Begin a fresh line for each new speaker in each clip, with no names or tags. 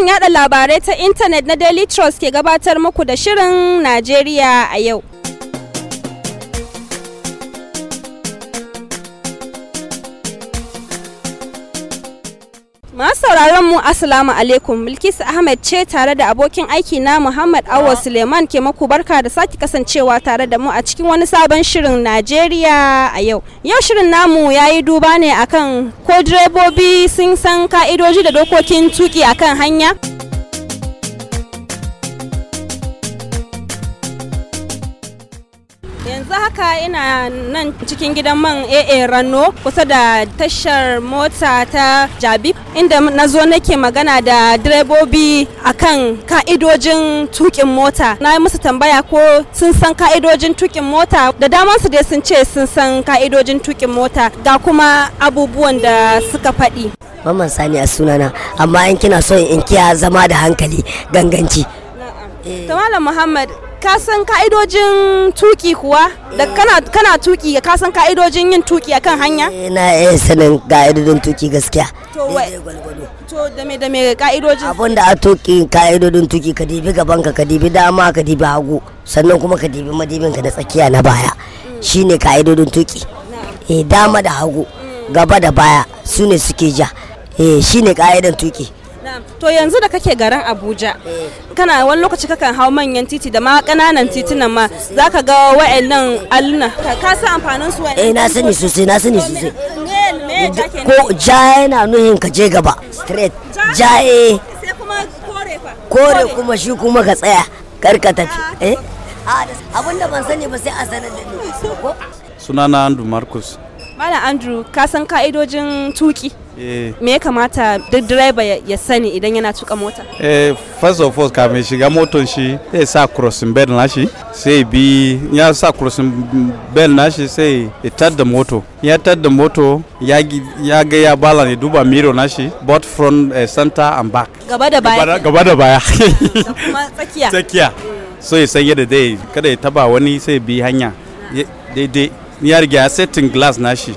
Sashen yada labarai ta intanet na Daily Trust ke gabatar muku da Shirin Najeriya a yau. mu assalamu alaikum Bilkisu Ahmed ce tare da abokin aiki na Muhammad Awa ah. Suleiman ke maku barka da sake kasancewa tare da mu a cikin wani sabon shirin Najeriya a yau. Yau shirin namu ya yi duba ne akan ko direbobi sun san ka'idoji da dokokin tuki akan hanya. yanzu haka ina nan cikin gidan man AA Rano kusa da tashar mota ta Jabi inda na zo nake magana da direbobi akan ka'idojin tukin mota. Na yi musu tambaya ko sun san ka'idojin tukin mota da daman su dai sun ce sun san ka'idojin tukin mota ga kuma abubuwan da suka faɗi.
Maman sani a sunana amma in kina so in kiya zama da hankali ganganci.
To Malam Muhammad ka san ka'idojin tuki kuwa da eh. kana tuki ka san ka'idojin yin tuki akan hanya eh,
na iya sanin ka'idojin tuki gaskiya to dame dame ka'idojin abin da a tuki ka'idojin tuki ka dibi gaban ka ka dibi dama ka dibi hagu sannan kuma ka dibi madibin ka da tsakiya na baya mm. shine ka'idojin tuki eh, dama da hagu gaba da baya su ne suke ja shine ka'idan tuki
to yanzu da kake garin abuja eh. kana wani lokaci kakan hau manyan titi da ma kananan titunan ma za ka ga wa'annan alluna ka san amfanin su
eh na sani sosai na sani sosai ko ja yana nuhin ka je gaba straight ja eh. kore kuma shi kuma ka tsaya kar
ka tafi ah, eh
abinda ah, ban sani ba sai a sanar da ni
sunana andu marcus
Mala Andrew, ka san ka'idojin tuki? Eh. Me ya kamata duk direba ya sani idan yana tuka mota?
Eh, first of all, kafin shiga moton shi, sai sa crossing bell nashi, sai bi ya sa crossing bell nashi sai ya tadda moto. Ya tadda moto, ya ga ya bala ne duba miro nashi, both front, eh, center and back.
Gaba da baya.
Gaba da baya. Da
kuma tsakiya.
Tsakiya. Mm. So ya san yadda dai kada ya taba wani sai bi hanya. Daidai. ya rige a setting glass nashi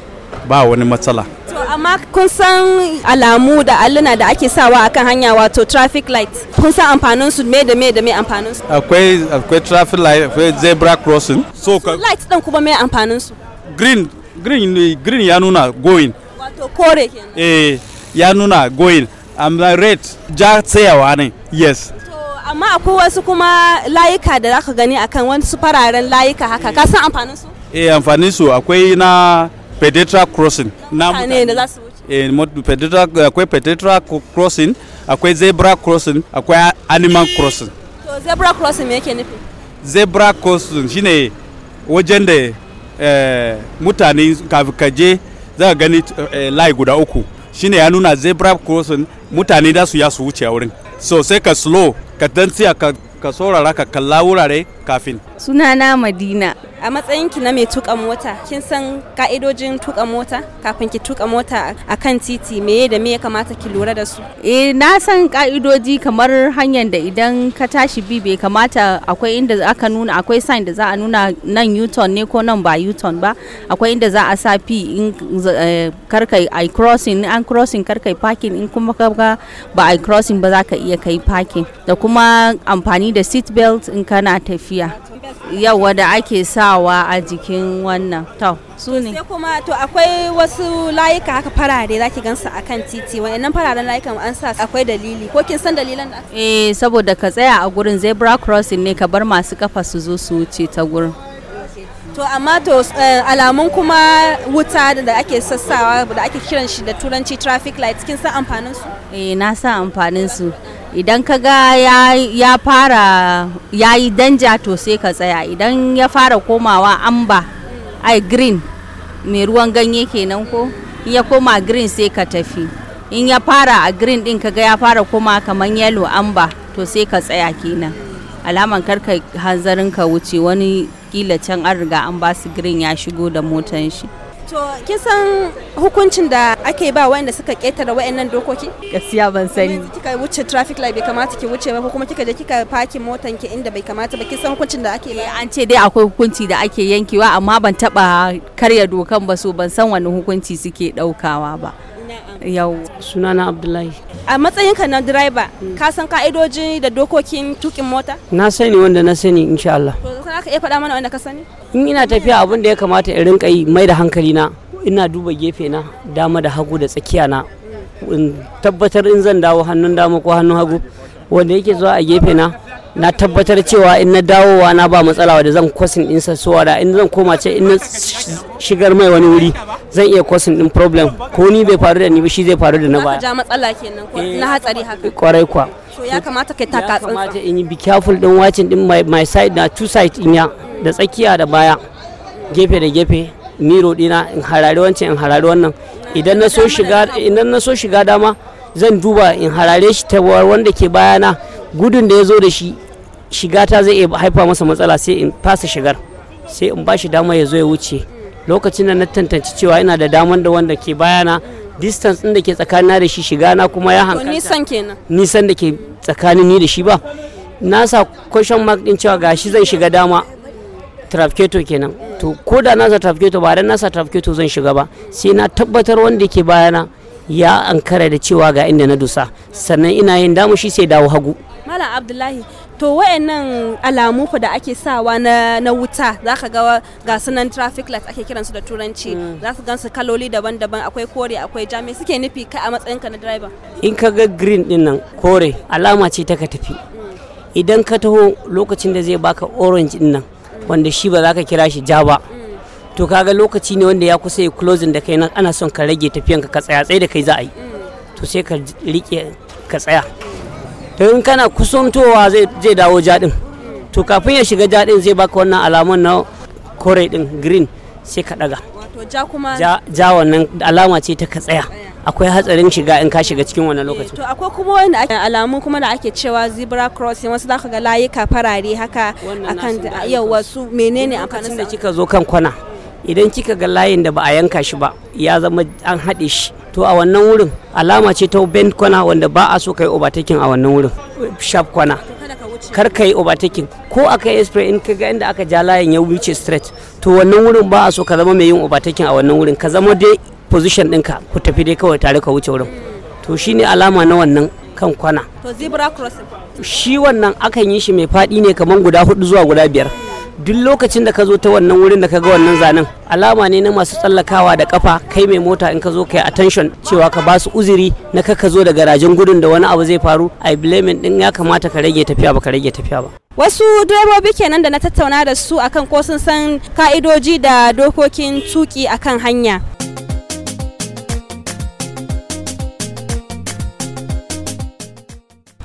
ba wani matsala
to amma kun san alamu da alluna da ake sawa akan hanya wato traffic light kun san amfanin su me da me da me amfanin su
akwai akwai traffic light akwai zebra crossing so ka
light din kuma me amfanin su
green green green ya nuna going
wato kore kenan
eh ya nuna going amma red ja tsayawa ne yes
amma akwai wasu kuma layuka da zaka gani akan wasu fararen layuka haka ka san amfanin su
eh amfani su akwai na pedetra crossing na mutane za su wuce eh, akwai pedetra crossing akwai zebra crossing akwai animal crossing
to zebra crossing me yake nufi
zebra crossing shine wajen da eh, mutane kaje za ka gani eh, layi guda uku shine ya nuna zebra crossing mutane da su ya su wuce a wurin so sai ka slow ka dan tsaya ka saurara ka kalla wurare kafin.
Sunana Madina.
A matsayin ki na mai tuka mota, kin san ka'idojin tuka mota kafin ki tuka mota a kan titi meye da me ya kamata ki lura da
su? Eh na san ka'idoji kamar hanyar da idan ka tashi bi bai kamata akwai inda aka nuna akwai sign da za a nuna nan Newton ne ko nan ba Newton ba. Akwai inda za a sa fi in eh, karkai i crossing an crossing karkai parking in kuma ka ga ba i crossing ba za ka iya kai parking da kuma amfani da seat belt in kana tafi lafiya yawa da ake sawa a jikin wannan to su
ne sai kuma to akwai wasu layuka haka farare zaki gansu kan titi nan fararen layukan an sa akwai dalili ko kin san dalilan da
eh saboda ka tsaya a gurin zebra crossing ne ka bar masu kafa su zo su wuce ta gurin
to amma to eh, alamun kuma wuta da ake sassawa da ake kiran shi da turanci traffic light kin san amfanin su
eh na sa amfanin su idan ka ga ya fara ya yi danja to sai ka tsaya idan ya fara komawa amba ai green mai ruwan ganye kenan ko in ya koma green sai ka tafi in ya fara a green din ka ga ya fara koma kamar yellow amba to sai ka tsaya kenan alaman karka hanzarin ka wuce wani kila can an riga an ba su green ya shigo da motan shi
To kin san hukuncin da ake ba wanda suka ketare wayannan dokoki?
Gaskiya ban sani.
Kika wuce traffic light bai kamata ki wuce ba ko kuma kika je kika parking motan ki inda bai kamata ba kin san hukuncin da ake ba? Eh, an
ce dai akwai hukunci da ake yankewa amma ban taba karya dokan ba so ban san wani hukunci suke daukawa ba. yau sunana abdullahi
a matsayinka na direba ka san ka'idoji da dokokin tukin mota
na sani wanda
na sani insha Allah
za ka iya faɗa mana wanda ka sani
in ina tafiya abin da ya kamata in rinka yi mai da hankali na ina duba gefe na dama da hagu da tsakiya na in tabbatar in zan dawo hannun dama ko hannun hagu wanda yake zuwa a gefe na na tabbatar cewa in na dawowa na ba matsala da zan kwasin ɗinsa suwa da in zan koma ce in shigar mai wani wuri zan iya kwasin ɗin problem ko ni bai faru da ni ba shi zai faru da na baya. ja
matsala kenan eh, na hatsari haka. kwarai kwa. so ya kamata kai taka tsantsa. ya kamata
in yi be careful ɗin watching ɗin my side na two side in ya da tsakiya da baya gefe da gefe miro ɗina in harari wancan in harari wannan idan na so shiga dama zan duba in harare shi ta wanda ke bayana gudun da ya zo da shi shiga ta zai iya haifa masa matsala sai in fasa shigar sai in ba shi dama ya zo ya wuce lokacin da na tantance cewa ina da damar da wanda ke bayana distance ɗin da ke tsakanina da shi shiga na kuma ya hankalta nisan kenan nisan da ke tsakanin ni da shi ba na sa question mark din cewa gashi zan shiga dama trafketo kenan to ko da na sa trafketo ba dan na sa trafketo zan shiga ba sai na tabbatar wanda ke bayana ya ankara da cewa ga inda na dusa sannan ina yin damu shi sai dawo hagu
malam abdullahi to wayannan alamu da ake sawa na, wuta za ka ga ga sunan traffic lights ake kiransu da turanci hmm. za su gansu kaloli daban-daban akwai kore akwai jami suke nufi kai a ka na driver
in ka ga green din nan kore alama ce ta ka tafi hmm. idan ka taho lokacin da zai baka orange din nan wanda shi ba za kira shi ja ba hmm. to kaga lokaci ne wanda ya kusa ya closing da kai ana son ka rage tafiyan ka tsaya tsaye da kai za a yi mm. to sai ka rike ka tsaya to in kana kusantowa zai zai dawo jadin mm. to kafin ya shiga jadin zai baka wannan alamun na kore din green sai ka daga
ja kuma ja
wannan alama ce ta ka tsaya akwai hatsarin shiga in ka shiga cikin wannan eh, lokacin. To
akwai kuma wanda ake alamu kuma da ake cewa zebra crossing wasu zaka ga layuka farare haka akan
yau wasu menene akan da kika zo kan kwana idan kika ga layin da ba a yanka shi ba ya zama an haɗe shi to a wannan wurin alama ce ta bend kwana wanda ba a so kai overtaking a wannan wurin sharp kwana kar ka yi overtaking ko aka yi spray in ka ga inda aka ja layin ya wuce straight to wannan wurin ba a so ka zama mai yin overtaking a wannan wurin ka zama dai position ɗinka ku tafi dai kawai tare ka wuce wurin to shine alama na wannan kan kwana
to zebra crossing
shi wannan akan yi shi mai faɗi ne kamar guda hudu zuwa guda biyar duk lokacin da ka zo ta wannan wurin da ka ga wannan zanen alama ne na masu tsallakawa da kafa kai mai mota in ka zo kai attention cewa ka ba su uzuri na ka ka zo da garajen gudun da wani abu zai faru ai blaming din ya kamata ka rage tafiya ba ka rage tafiya ba
wasu direbobi kenan da na tattauna da su akan ko sun san ka'idoji da dokokin tuki akan hanya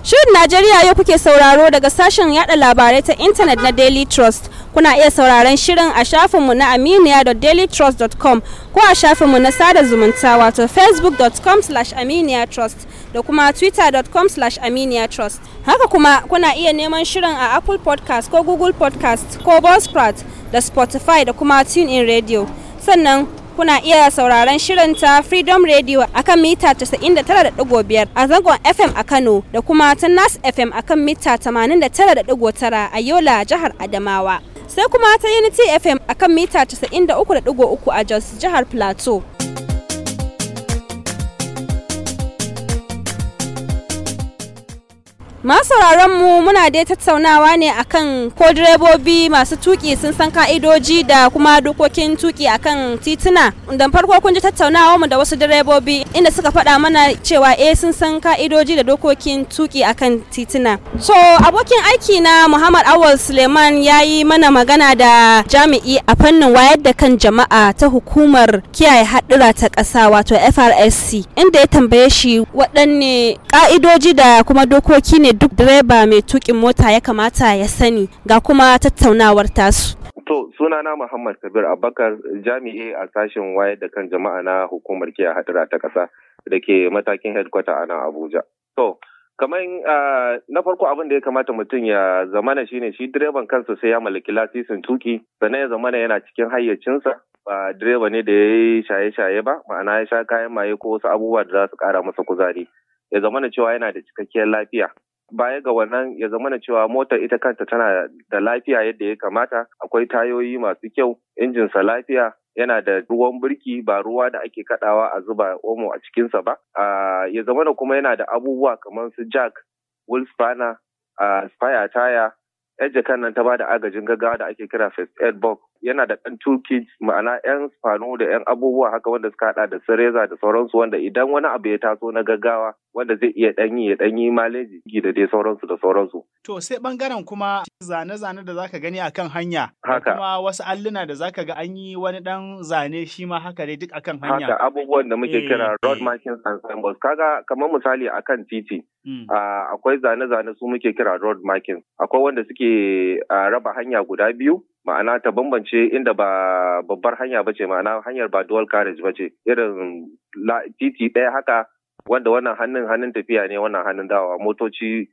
Shirin Najeriya yau kuke sauraro daga sashen yada labarai ta intanet na Daily Trust kuna iya sauraron shirin a shafinmu na aminiya.dailytrust.com ko a shafinmu na sada zumunta wato facebook.com slash aminiyatrust da kuma twitter.com slash aminiyatrust haka kuma kuna iya neman shirin a apple podcast ko google podcast ko buzzsprout da spotify da kuma tune in radio sannan kuna iya sauraron shirin ta Freedom Radio a kan mita 99.5 a zangon FM a Kano da kuma ta Nas FM a kan mita 89.9 a Yola jihar Adamawa. sai kuma ta Unity FM akan mita 93.3 a Jos jihar Plateau. sauraron mu muna dai tattaunawa ne akan ko direbobi masu tuki sun san ka'idoji da kuma dokokin tuki akan tituna da farko kun ji tattaunawa mu da wasu direbobi inda suka faɗa mana cewa eh sun san ka'idoji da dokokin tuki akan tituna so abokin aiki na muhammad awal suleiman ya yi mana magana da jami'i a fannin wayar da kan jama'a ta hukumar kiyaye haɗura ta ƙasa wato frsc inda ya tambaye shi waɗanne ka'idoji da kuma dokoki ne ne duk direba mai tukin mota ya kamata ya sani ga kuma tattaunawar tasu.
To sunana Muhammad Kabir Abubakar jami'i a sashen wayar da kan jama'a na hukumar kiyaye hadura ta ƙasa da ke matakin headquarter a nan Abuja. To kamar na farko abin da ya kamata mutum ya zamana shine shi direban kansa sai ya mallaki lasisin tuki sannan ya zamana yana cikin hayyacinsa ba direba ne da ya shaye-shaye ba ma'ana ya sha kayan maye ko wasu abubuwa da za su kara masa kuzari ya zamana cewa yana da cikakkiyar lafiya baya ga wannan ya zama na cewa motar ita kanta tana da lafiya yadda ya kamata akwai tayoyi masu kyau injinsa lafiya yana da ruwan birki ba ruwa da ake kadawa a zuba omo a cikinsa ba ya zama da kuma yana da abubuwa kamar su jack wheel spanner spire tire yan jakan nan ta ba da agajin gaggawa da ake kira first aid box yana da ɗan toolkit ma'ana yan spano da yan abubuwa haka wanda suka hada da su da sauransu wanda idan wani abu ya taso na gaggawa wanda zai iya ɗanyi ya danyi maleji da dai sauransu da sauransu.
To sai bangaren kuma zane-zane da zaka gani akan hanya. Haka. Kuma wasu alluna da zaka ga an yi wani ɗan zane shi ma haka dai duk akan hanya. Haka
abubuwan da muke kira eh, road eh. markings and symbols. Kaga kamar misali akan titi. Hmm. Akwai zane-zane su muke kira road markings. Akwai wanda suke raba hanya guda biyu. ma'ana ta bambance inda ba babbar hanya bace ma'ana hanyar ba dual carriage bace irin titi ɗaya haka wanda wannan hannun hannun tafiya ne wannan hannun dawa motoci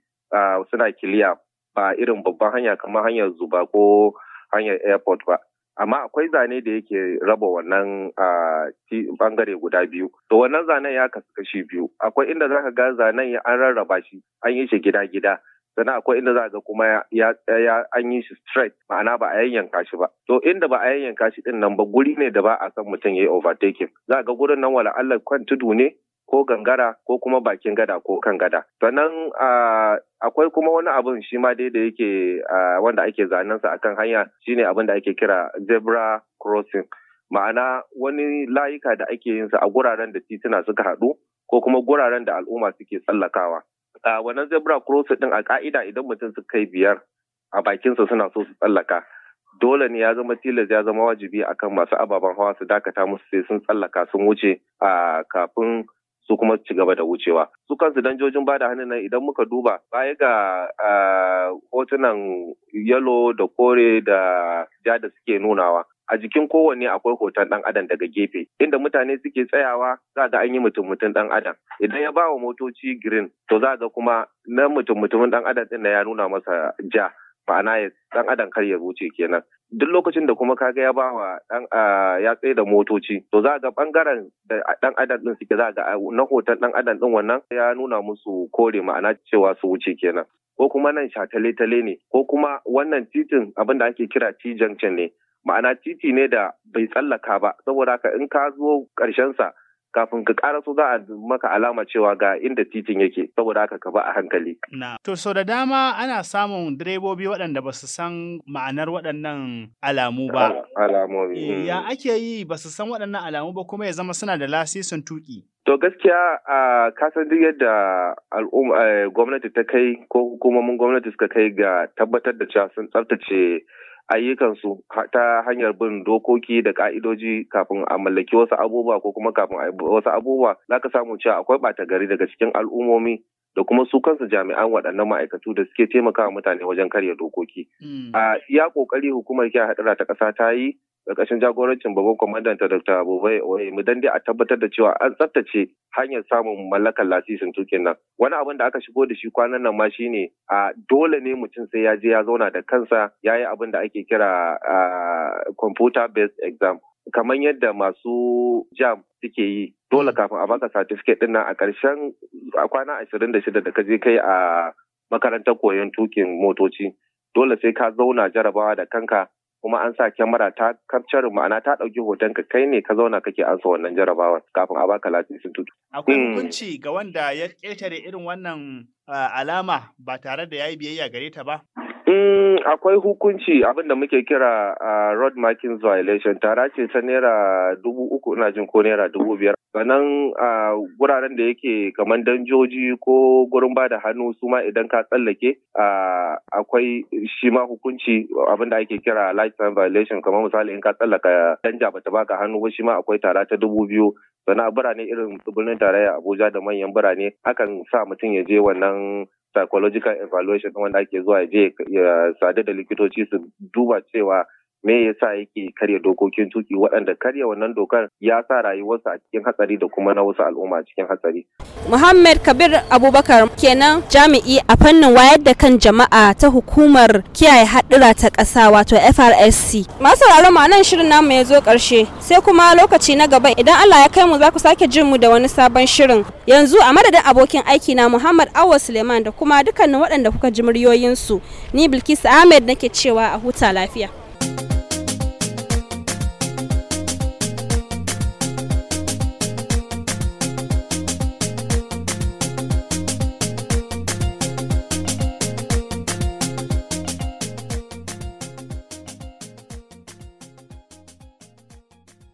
suna kiliya ba irin babban hanya kamar hanyar zuba ko hanyar airport ba amma akwai zane da yake raba wannan bangare guda biyu to wannan zanen ya kasu kashi biyu akwai inda zaka ga zanen an rarraba shi an yi shi gida-gida sannan akwai inda za ga kuma ya an yi shi straight ma'ana ba a yayyanka shi ba to inda ba a yayyanka shi din nan ba guri ne da ba a san mutum ya yi overtaking za ga gurin nan wala Allah kan tudu ne ko gangara ko kuma bakin gada ko kan gada. Sannan akwai kuma wani abun shi ma dai da yake wanda ake zanensa akan hanya shine abin da ake kira zebra crossing. Ma'ana wani layuka da ake yin sa a guraren da tituna suka haɗu ko kuma guraren da al'umma suke tsallakawa. Wannan zebra crossing din a ka'ida idan mutum suka kai biyar a bakinsa suna so su tsallaka. dole ne ya zama tilas ya zama wajibi akan masu ababen hawa su dakata musu sai sun tsallaka sun wuce a kafin su kuma ci gaba da wucewa su kansu danjojin bada da hannun nan idan muka duba baya ga hotunan yalo da kore da ja da suke nunawa a jikin kowanne akwai hoton ɗan adam daga gefe inda mutane suke tsayawa za ga an yi mutum mutum ɗan adam idan ya bawa motoci green to za ga kuma na mutum mutumin ɗan adam ɗin ya nuna masa ja ma'ana ya dan adam kar ya wuce kenan duk lokacin da kuma kaga ya bawa dan ya tsaye da motoci to za ga bangaren da dan adam din suke za ga na hoton dan adam din wannan ya nuna musu kore ma'ana cewa su wuce kenan ko kuma nan shatale-tale ne ko kuma wannan titin abin da ake kira t junction ne ma'ana titi ne da bai tsallaka ba saboda haka in ka zo karshen sa. kafin ka so za a maka alama cewa ga inda titin yake saboda haka ka ba a hankali.
Na. To sau da dama ana samun direbobi waɗanda ba su san ma'anar waɗannan alamu ba.
Alamomi. Eh, ya
mm. ake yi ba su san waɗannan alamu ba kuma ya zama suna da lasisin tuƙi.
To gaskiya a kasan duk yadda eh, gwamnati ta kai ko hukumomin gwamnati suka kai ga tabbatar da cewa sun tsaftace ayyukansu ta hanyar bin dokoki da ka'idoji kafin a mallaki wasu abubuwa ko kuma kafin a wasu abubuwa za ka samu cewa akwai ɓata gari daga cikin al'ummomi da kuma su kansu jami'an waɗannan ma'aikatu da suke taimakawa mutane wajen karya dokoki. Mm. A iya ƙoƙari hukumar kiyaye haɗura ta ƙasa ta yi ƙarƙashin jagorancin babban kwamandan ta Dr. Abubai Oye mu dande a tabbatar da cewa an tsaftace hanyar samun mallakar lasisin tukin nan. Wani abin da aka shigo da shi kwanan nan ma shine a dole ne mutum sai ya je ya zauna da kansa ya yi abin da ake kira computer based exam. Kamar yadda masu jam suke yi dole kafin a baka certificate din nan a ƙarshen kwana ashirin da shida da ka je kai a makarantar koyon tukin motoci. Dole sai ka zauna jarabawa da kanka kuma an sa kyamara ta kamcarin ma'ana ta ɗauki hoton ka kai ne ka zauna kake ansa wannan jarabawar kafin a baka lasisin tutu. Akwai hmm.
hukunci ga wanda ya ƙetare irin wannan ah, alama ba tare da ya yi biyayya gare ta ba?
Mm, akwai hukunci abin da muke kira a road markings violation tara ce ta naira dubu uku ina jin ko naira dubu biyar sannan a wuraren da yake kamar danjoji ko gurin ba da hannu su ma idan ka tsallake akwai shi ma hukunci abin da ake kira lifetime violation kamar misali in ka tsallaka danja bata baka hannu ba shi ma akwai tara ta dubu biyu sannan a birane irin birnin tarayya abuja da manyan birane hakan sa mutum ya je wannan psychological evaluation wanda ake zuwa je ya sadu da likitoci su duba cewa me yasa yake karya dokokin tuki waɗanda karya wannan dokar ya sa rayuwarsa a cikin hatsari da kuma na wasu al'umma cikin hatsari.
Muhammad Kabir Abubakar kenan jami'i a fannin wayar da kan jama'a ta hukumar kiyaye haɗura ta ƙasa wato FRSC. Masu ma nan shirin namu ya zo ƙarshe sai kuma lokaci na gaba idan Allah ya kai mu za ku sake jin mu da wani sabon shirin. Yanzu a madadin abokin aiki na Muhammad Awa Suleiman da kuma dukkanin waɗanda kuka ji muryoyinsu ni Bilkisu Ahmed nake cewa a huta lafiya.